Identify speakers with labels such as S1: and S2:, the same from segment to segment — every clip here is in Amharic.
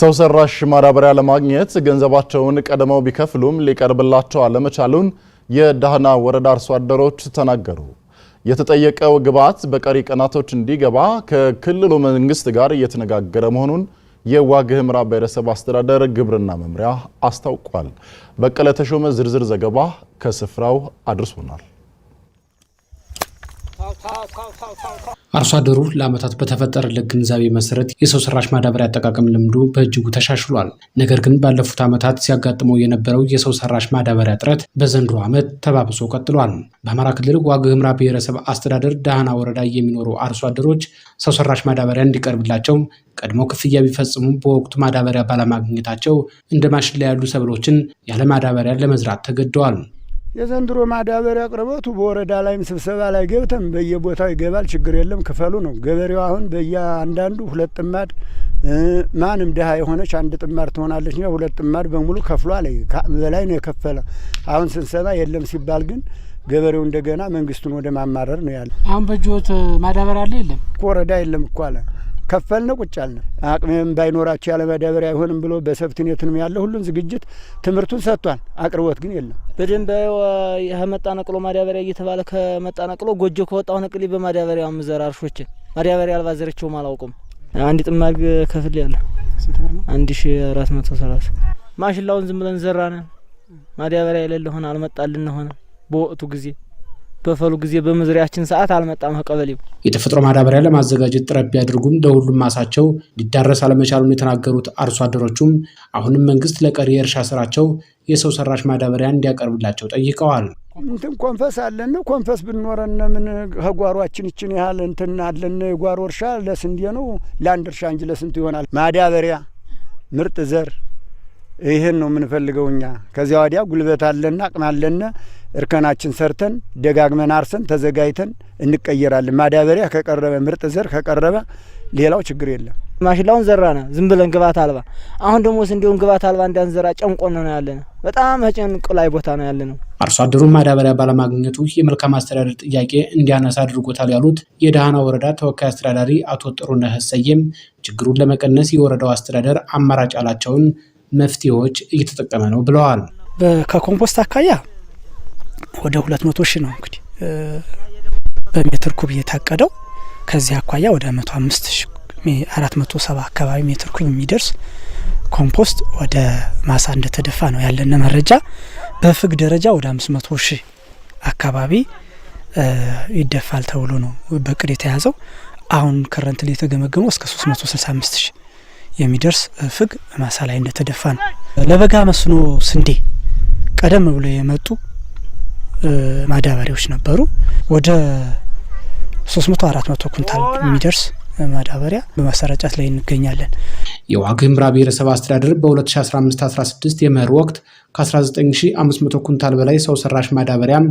S1: ሰው ሰራሽ ማዳበሪያ ለማግኘት ገንዘባቸውን ቀድመው ቢከፍሉም ሊቀርብላቸው አለመቻሉን የዳህና ወረዳ አርሶ አደሮች ተናገሩ። የተጠየቀው ግብዓት በቀሪ ቀናቶች እንዲገባ ከክልሉ መንግስት ጋር እየተነጋገረ መሆኑን የዋግ ኽምራ ብሔረሰብ አስተዳደር ግብርና መምሪያ አስታውቋል። በቀለ ተሾመ ዝርዝር ዘገባ ከስፍራው አድርሶናል። አርሶ አደሩ ለዓመታት በተፈጠረለት ግንዛቤ መሰረት የሰው ሰራሽ ማዳበሪያ አጠቃቀም ልምዱ በእጅጉ ተሻሽሏል። ነገር ግን ባለፉት ዓመታት ሲያጋጥመው የነበረው የሰው ሰራሽ ማዳበሪያ እጥረት በዘንድሮ ዓመት ተባብሶ ቀጥሏል። በአማራ ክልል ዋግ ህምራ ብሔረሰብ አስተዳደር ዳህና ወረዳ የሚኖሩ አርሶ አደሮች ሰው ሰራሽ ማዳበሪያ እንዲቀርብላቸው ቀድሞ ክፍያ ቢፈጽሙ በወቅቱ ማዳበሪያ ባለማግኘታቸው እንደ ማሽላ ያሉ ሰብሎችን ያለ ማዳበሪያ ለመዝራት ተገደዋል።
S2: የዘንድሮ ማዳበሪያ አቅርቦቱ በወረዳ ላይም ስብሰባ ላይ ገብተን በየቦታው ይገባል፣ ችግር የለም ክፈሉ ነው። ገበሬው አሁን በየአንዳንዱ ሁለት ጥማድ ማንም ድሀ የሆነች አንድ ጥማድ ትሆናለች። ሁለት ጥማድ በሙሉ ከፍሏል፣ በላይ ነው የከፈለ። አሁን ስንሰባ የለም ሲባል ግን ገበሬው እንደገና መንግስቱን ወደ ማማረር ነው ያለ።
S3: አሁን በጆት ማዳበሪያ አለ የለም?
S2: ወረዳ የለም እኮ አለ ከፈልነ ቁጭ አልነ። አቅምም ባይኖራቸው ያለ ማዳበሪያ አይሆንም ብሎ በሰብትኔትንም ያለ ሁሉም ዝግጅት ትምህርቱን ሰጥቷል። አቅርቦት ግን የለም።
S4: በደንብ ከመጣ ነቅሎ ማዳበሪያ እየተባለ ከመጣ ነቅሎ ጎጆ ከወጣሁ ነቅሌ በማዳበሪያ ምዘር እርሾችን ማዳበሪያ አልባ ዘረቸውም አላውቁም። አንድ ጥማግ ከፍል ያለ አንድ ሺ አራት መቶ ሰላሳ ማሽላውን ዝም ብለን ዘራነ። ማዳበሪያ የሌለ ሆነ አልመጣልን ሆነ በወቅቱ ጊዜ በፈሉ ጊዜ በመዝሪያችን ሰዓት አልመጣም። ከቀበሌው
S1: የተፈጥሮ ማዳበሪያ ለማዘጋጀት ጥረት ቢያደርጉም ለሁሉም ማሳቸው ሊዳረስ አለመቻሉን የተናገሩት አርሶ አደሮቹም አሁንም መንግስት ለቀሪ የእርሻ ስራቸው የሰው ሰራሽ ማዳበሪያ እንዲያቀርብላቸው ጠይቀዋል።
S2: እንትን ኮንፈስ አለን ኮንፈስ ብንኖረን ምን ከጓሯችን ይችን ያህል እንትን አለን። የጓሮ እርሻ ለስንዴ ነው ለአንድ እርሻ እንጂ ለስንቱ ይሆናል? ማዳበሪያ ምርጥ ዘር ይህን ነው የምንፈልገው እኛ። ከዚያ ወዲያ ጉልበት አለና አቅም እርከናችን ሰርተን ደጋግመን አርሰን ተዘጋጅተን እንቀየራለን። ማዳበሪያ ከቀረበ ምርጥ ዘር ከቀረበ ሌላው ችግር የለም።
S4: ማሽላውን ዘራነ ዝም ብለን ግባት አልባ። አሁን ደግሞ ስንዴውን ግባት አልባ እንዳንዘራ ጨንቆ ነው ያለነ። በጣም ጨንቆ ላይ ቦታ ነው ነው።
S1: አርሶ አደሩ ማዳበሪያ ባለማግኘቱ የመልካም አስተዳደር ጥያቄ እንዲያነሳ አድርጎታል ያሉት የደሃና ወረዳ ተወካይ አስተዳዳሪ አቶ ጥሩነህ ሰየም ችግሩን ለመቀነስ የወረዳው አስተዳደር አማራጭ ያላቸውን መፍትሄዎች እየተጠቀመ ነው ብለዋል።
S3: ከኮምፖስት አካያ ወደ ሁለት መቶ ሺህ ነው እንግዲህ በሜትር ኩብ የታቀደው ከዚህ አኳያ ወደ መቶ አምስት አራት መቶ ሰባ አካባቢ ሜትር ኩብ የሚደርስ ኮምፖስት ወደ ማሳ እንደተደፋ ነው ያለን መረጃ። በፍግ ደረጃ ወደ አምስት መቶ ሺህ አካባቢ ይደፋል ተብሎ ነው በቅድ የተያዘው። አሁን ከረንት ላይ የተገመገመው እስከ ሶስት መቶ ስልሳ አምስት ሺህ የሚደርስ ፍግ ማሳ ላይ እንደተደፋ ነው። ለበጋ መስኖ ስንዴ ቀደም ብሎ የመጡ ማዳበሪያዎች ነበሩ። ወደ 300 400 ኩንታል የሚደርስ ማዳበሪያ በማሰራጨት ላይ እንገኛለን።
S1: የዋግ ኽምራ ብሔረሰብ አስተዳደር በ2015/16 የመኸር ወቅት ከ19500 ኩንታል በላይ ሰው ሰራሽ ማዳበሪያም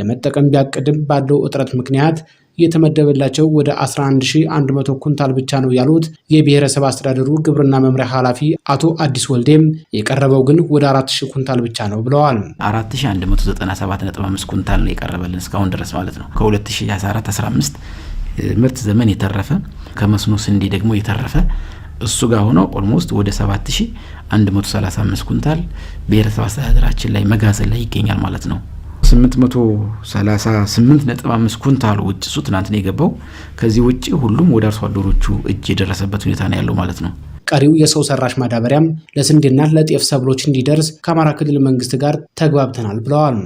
S1: ለመጠቀም ቢያቅድም ባለው እጥረት ምክንያት የተመደበላቸው ወደ 11100 ኩንታል ብቻ ነው ያሉት የብሔረሰብ አስተዳደሩ ግብርና መምሪያ ኃላፊ አቶ አዲስ ወልዴም የቀረበው ግን ወደ 4000 ኩንታል ብቻ ነው ብለዋል።
S5: 4197.5 ኩንታል ነው የቀረበልን እስካሁን ድረስ ማለት ነው። ከ2014 15 ምርት ዘመን የተረፈ ከመስኖ ስንዴ ደግሞ የተረፈ እሱ ጋር ሆኖ ኦልሞስት ወደ 7135 ኩንታል ብሔረሰብ አስተዳደራችን ላይ መጋዘን ላይ ይገኛል ማለት ነው። 838.5 ኩንታል ውጭ እሱ ትናንት ነው የገባው። ከዚህ ውጭ ሁሉም ወደ አርሶ አደሮቹ እጅ የደረሰበት ሁኔታ ነው ያለው ማለት ነው።
S1: ቀሪው የሰው ሰራሽ ማዳበሪያም ለስንዴና ለጤፍ ሰብሎች እንዲደርስ ከአማራ ክልል መንግስት ጋር ተግባብተናል ብለዋል።